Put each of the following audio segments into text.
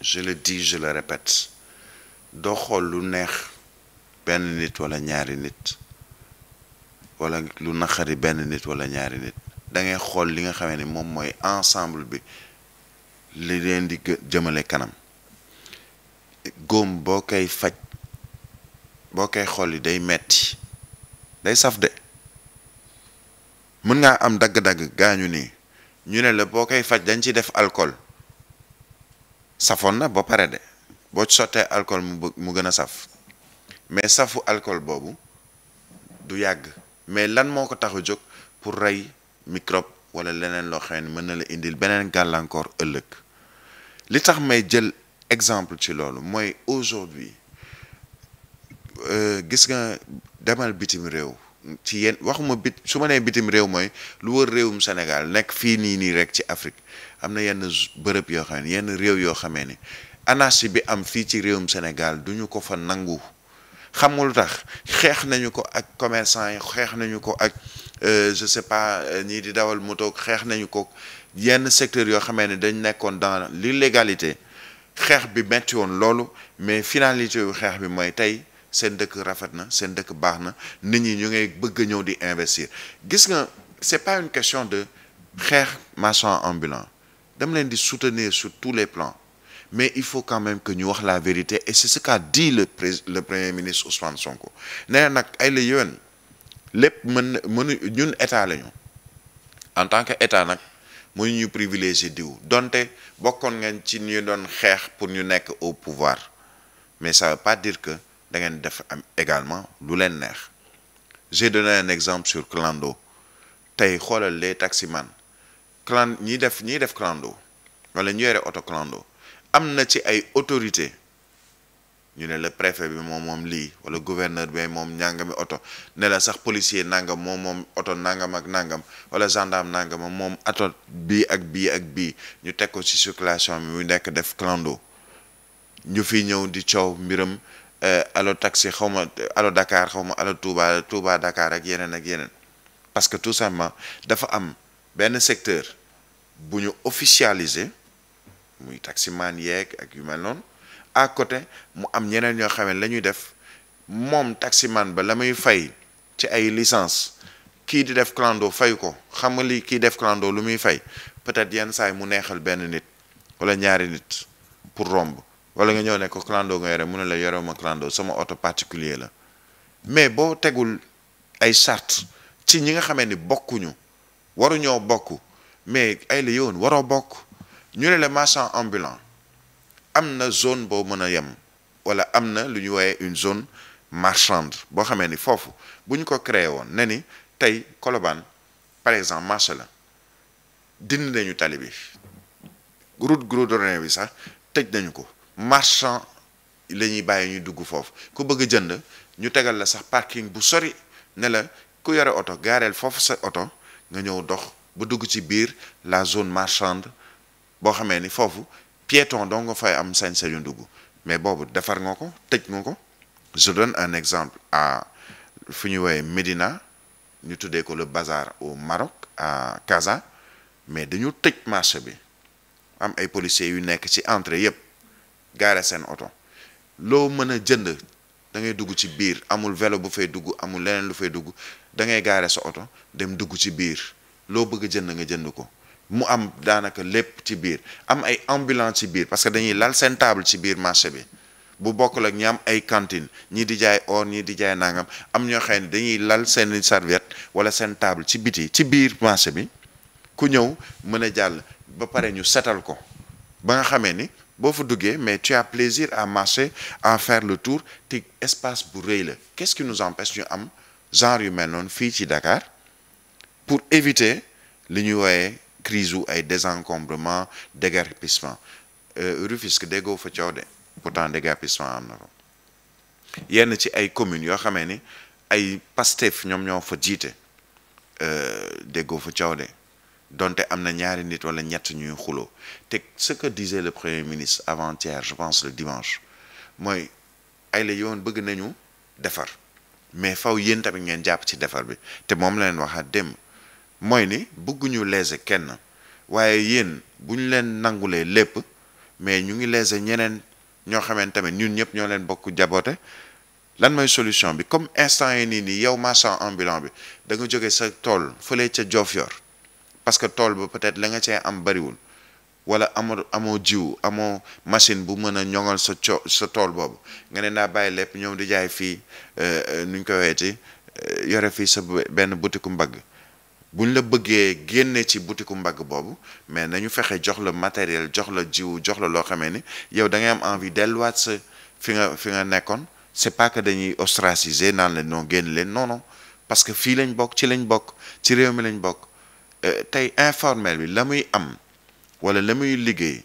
je le dis je le répète doo xool lu neex benn nit wala ñaari nit wala lu naqari benn nit wala ñaari nit dangay xool li nga xamee ni moom mooy ensemble bi li leen di jëmale kanam góom boo koy faj boo koy xool yi day metti day saf de mën ngaa am dagg-dagg gaañu nii ñu ne la boo koy faj dañ ci def alcool safoon na ba pare de boo sottee alcool mu mu gën a saf mais safu alcool boobu du yàgg mais lan moo ko tax a jóg pour rey microbe wala leneen loo xam ne mën na la indil beneen gàllankoor ëllëg li tax may jël exemple ci loolu mooy aujourd'hui euh, gis nga demal bitim réew ci yéen waxuma bit su ma nee bitim réew mooy lu wër réewum Sénégal nekk fii nii nii rek ci Afrique am na yenn bërëb yoo xam ne yenn réew yoo xamee ni anarchie bi am fii ci réewum Sénégal du ñu ko fa nangu xamul tax xeex nañu ko ak commerçant yi xeex nañu ko ak euh, je sais pas nii euh, di dawal moto xeex nañu ko yenn secteur yoo xamee ne dañ nekkoon dans légalité xeex bi metti woon loolu mais finalité yu xeex bi mooy tey seen dëkk rafet na seen dëkk baax na nit ñi ñu ngay bëgg ñëw di investir gis nga c'est pas une question de xeex marchand ambulant dama leen di soutenir sur tous les plans mais il faut quand même que ñu wax la vérité et c'est ce qu'a dit le le premier ministre Ousmane Sonko nee nag ay la yéwén lépp mën mënu ñun état lañu en tant que état nag mënu ñu privilégié diw donte bokkoon ngeen ci ñu doon xeex pour ñu nekk au pouvoir mais ça veut pas dire que da ngeen def am également lu leen neex j'ai donné un exemple sur clando tey xoolal les taximan clan ñiy def ñiy def clando wala ñu yore oto clando am na ci ay autorité ñu ne la préfet bi moom moom lii wala gouverneur bi moom mi oto ne la sax policier nangam moom moom oto nangam ak nangam wala gendarme nangam moom ato bii ak bii ak bii ñu teg ko ci circulation bi mu nekk def clando ñu fi ñëw di coow mbiram Euh, allo taxi xaw ma allo Dakar xaw ma allo Touba Touba Dakar ak yeneen ak yeneen parce que tout simplement dafa am benn secteur bu ñu officialisé muy taximan yeeg ak yu mel noonu à côté mu am ñeneen ñoo xam ne la def moom taximan ba la muy fay ci ay licence kii di def clando fay ko xam nga li kii def clando lu muy fay peut-être yenn saay mu neexal benn nit wala ñaari nit pour romb. wala nga ñëw ne ko clando nga yore mu ne la yore ma clando sama oto particulier la mais boo tegul ay charte ci ñi nga xamee ni bokkuñu waruñoo bokk mais ay la yoon waroo bokk ñu ne la marchand ambulant am na zone boo mën a yem wala am na lu ñu woowee une zone marchande boo xamee ni foofu bu ñu ko créé woon ne ni tey Colobane par exemple marché la dindi nañu tali bi route goudronné bi sax tëj nañu ko marchand la ñuy bàyyi ñu dugg foofu ku bëgg jënd ñu tegal la sax parking bu sori nela ku yore oto gaareel foofu sa oto nga ñëw dox ba dugg ci biir la zone marchande boo xamee ni foofu piéton doo nga fay am sañ-sañu dugg mais boobu defar nga ko tëj nga ko je donne un exemple à fu ñu woowee Médina ñu tuddee ko le bazar au Maroc à kaza mais dañu tëj marché bi am ay policiers yu nekk ci entrée yëpp gaare seen oto loo mën a jënd da ngay dugg ci biir amul velo bu fay dugg amul leneen lu fay dugg da ngay gaare sa oto dem dugg ci biir loo bëgg a jënd nga jënd ko mu am daanaka lépp ci biir am ay ambulance ci biir parce que dañuy lal seen table ci biir marché bi bu bokkul ak ñaam ay cantine ñii di jaay or ñii di jaay nangam am ñoo xam ne dañuy lal seen serviette wala seen table ci biti ci biir marché bi ku ñëw mën a jàll ba pare ñu setal ko ba nga boo fa duggee mais tu as plaisir à marcher à fair le tour te espace bu rëy la qu'est-ce qui nous yu am genre yu mel noonu fii ci Dakar pour éviter li ñuy wooyee crise ou ay désencombrement déguerpissement euh, Rufisque déggoo fa coow de pourtant déguerpissement am na fa yenn ci ay communes yoo xamee ni ay Pastef ñoom ñoo fa jiite euh, déggoo fa coow de donte am na ñaari nit wala ñett ñuy xuloo te ce que disait le premier ministre avantière hier je pense le dimanche mooy ay yoon bëgg nañu defar mais faw yéen tamit ngeen jàpp ci defar bi te moom la leen waxaat dem mooy ni bëgguñu léser kenn waaye yéen bu ñu leen nangulee lépp mais ñu ngi léser ñeneen ñoo xamante tamit ñun ñëpp ñoo leen bokk jaboote lan mooy solution bi comme instant yi nii nii yow marchand ambulant bi da jóge sa tool fële ca Diofior parce que tool ba peut-être la nga cee am bariwul wala amoo amoo jiw amoo machine bu mën a ñoŋal sa sa tool boobu nga ne naa bàyyi lépp ñoom di jaay fii euh, euh, nuñ koy weeti euh, yore fii sa benn butiku mbagg buñ la bëggee génne ci butiku mbagg boobu mais na ñu fexe jox la matériel jox la jiw jox la loo xamee ni yow da ngay am envi delluwaat sa fi nga fi nga nekkoon c'est pas que dañuy ostraciser naan la noo génn leen noonu non parce que fii lañ bokk ci lañ bokk ci réew mi lañ bokk Euh, tey informel bi la muy am wala la muy liggéey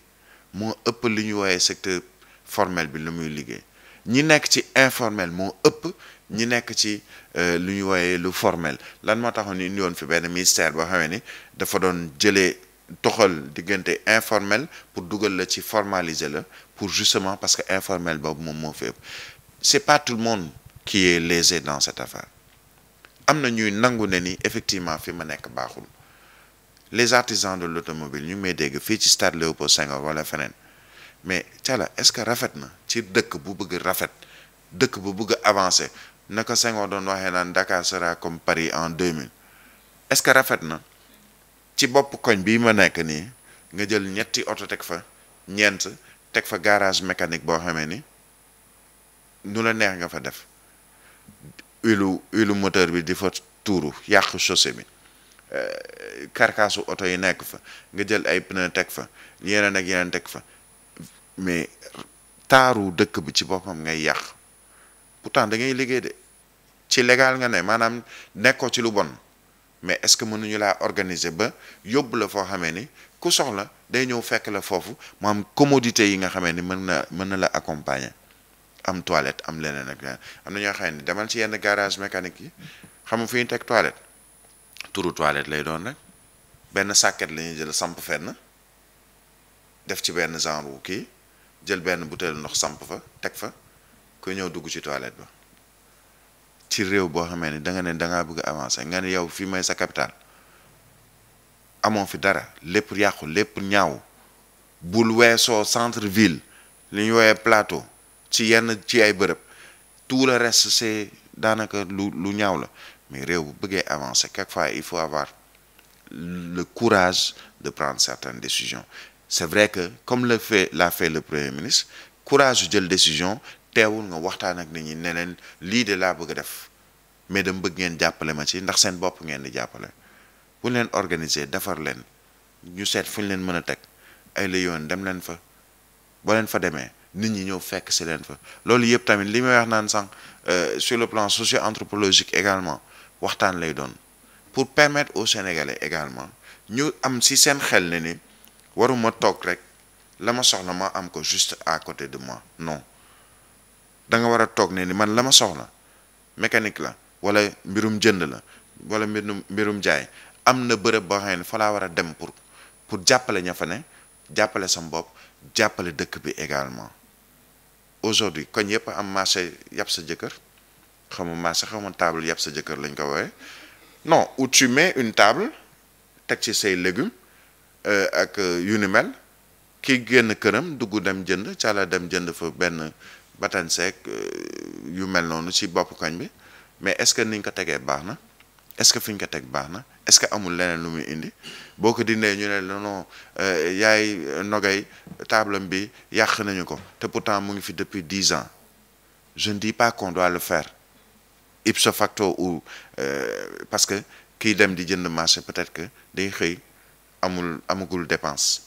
moo ëpp lu ñu wooyee secteur formel bi la muy liggéey ñi nekk ci informel moo ëpp ñi nekk ci euh, lu ñu wooyee lu formel lan moo taxoon ni indi woon fi benn ministère boo xamee ni dafa doon jëlee toxal diggante informel pour dugal la ci formaliser la pour justement parce que informel boobu moom moo fépp c'est pas tout le monde qui est lésé dans cette am na ñuy nangu ne ni effectivement fi ma nekk baaxul les artisans de l'automobile ñu ngi may dégg fii ci stade Léopold Senghor wala feneen mais cala est-ce que rafet na ci dëkk bu bëgg rafet dëkk bu bëgg avancé naka Senghor doon waxee naan Dakar sera comme Paris en 2000 est-ce que rafet na ci bopp koñ bii ma nekk nii nga jël ñetti auto teg fa ñeent teg fa garage mécanique boo xamee ni nu la neex nga fa def huilu huilu moteur bi di fa tuuru yàq chaussée bi Eh, carcasse oto yi nekk fa nga jël ay pneu teg fa yeneen ak yeneen teg fa mais taaru dëkk bi ci boppam ngay yàq pourtant da ngay liggéey de ci légal nga ne maanaam nekkoo ci lu bon mais est-ce que mënuñu laa organiser ba yóbbu la foo xamee ni ku soxla day ñëw fekk la foofu mu am commodité yi nga xamee ni mën na mën na la accompagner am toilette am leneen ak am na ñoo xam ne demal ci yenn garage mécanique yi xam nga teg toilette. tour toilette lay doon rek benn sàkket lañuy jël samp fenn def ci benn genre wu kii jël benn butéelu ndox samp fa teg fa ku ñëw dugg ci toilette ba ci réew boo xamee ni danga ne da ngaa bëgg avancé nga ne yow fii may sa capital amoo fi dara lépp yàqu lépp ñaaw bul weesoo centre ville li ñu woowee plateau ci yenn ci ay bërëb tout le reste c'est daanaka lu lu ñaaw la mais réew bu bëggee avancer fois il faut avoir le courage de prendre certaines décisions c'est vrai que comme le fait l'a fait le premier ministre courage su jël décision teewul nga waxtaan ak nit ñi ne leen lii de laa bëgg a def mais dama bëgg ngeen jàppale ma ci ndax seen bopp ngeen di jàppale bu leen organiser defar leen ñu seet fu ñu leen mën a teg ay la yoon dem leen fa boo leen fa demee nit ñi ñëw fekk si leen fa loolu yëpp tamit li may wax naan sànq euh, sur le plan socio anthropologique également waxtaan lay doon pour permettre au Sénégalais également ñu am ci seen xel ne ni waruma toog rek la ma soxla ma am ko juste à côté de moi non da nga war a toog ne ni man la ma soxla mécanique la wala mbirum jënd la wala mbirum mbirum jaay am na bërëb boo xam ne fa laa war a dem pour pour jàppale ña fa ne jàppale sam bopp jàppale dëkk bi également aujourd'hui koñ yëpp am marché yàpp sa jëkkër xaw ma marché xaw ma table yàpp sa jëkkër lañ ko woowe non où tu mais une table teg ci say légumes euh, ak euh, yu ni mel ki génn këram dugg dem jënd cala dem jënd fa benn batan seek euh, yu mel noonu ci bopp kañ bi mais est-ce que niñ ko tegee baax na est-ce que fi ñu ko teg baax na est-ce que amul leneen lu muy indi boo ko dindee ñu ne non yaay nogay tablam bi yàq nañu ko te pourtant mu ngi fi depuis dix ans jeune di dis pas qu'on le faire ipso facto ou euh, parce que kiy dem di jënd marché peut-être que day xëy amul amagul dépense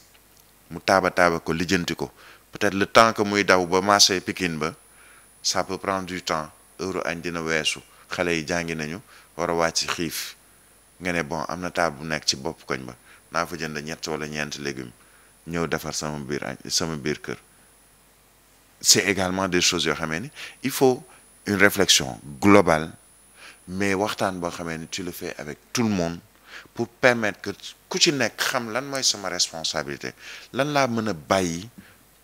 mu taaba taaba ko lijjanti ko peut-être le temps que muy daw ba marché pikin ba ça peut prendre du temps heure añ dina weesu xale yi jàngi nañu war a wàcc xiif nga ne bon am na taab bu nekk ci bopp koñ ba naa fa jënd ñett wala ñeenti légumes ñëw defar sama biir añ sama biir kër c'est également des choses yoo xamee ni il faut une réflexion globale mais waxtaan boo xamee ni tu le fais avec tout le monde pour permetre que ku ci nekk xam lan mooy sama responsabilité lan laa mën a bàyyi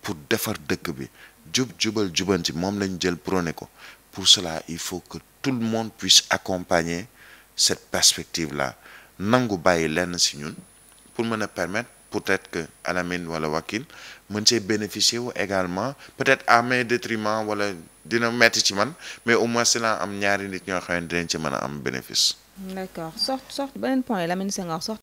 pour defar dëkk bi jub jubal ci moom lañ jël prôné ko pour cela il faut que tout le monde puisse accompagner cette perspective là nangu bàyyi lenn si ñun pour mën a permettre peut-être que Alamine wala Wakil mën see bénéficier également peut-être à détriment wala dina metti ci man mais au moins dinaa am ñaari nit ñoo xamante ne ci mën a am bénéfice. d'accord sort sort beneen point Lamine Senghor sort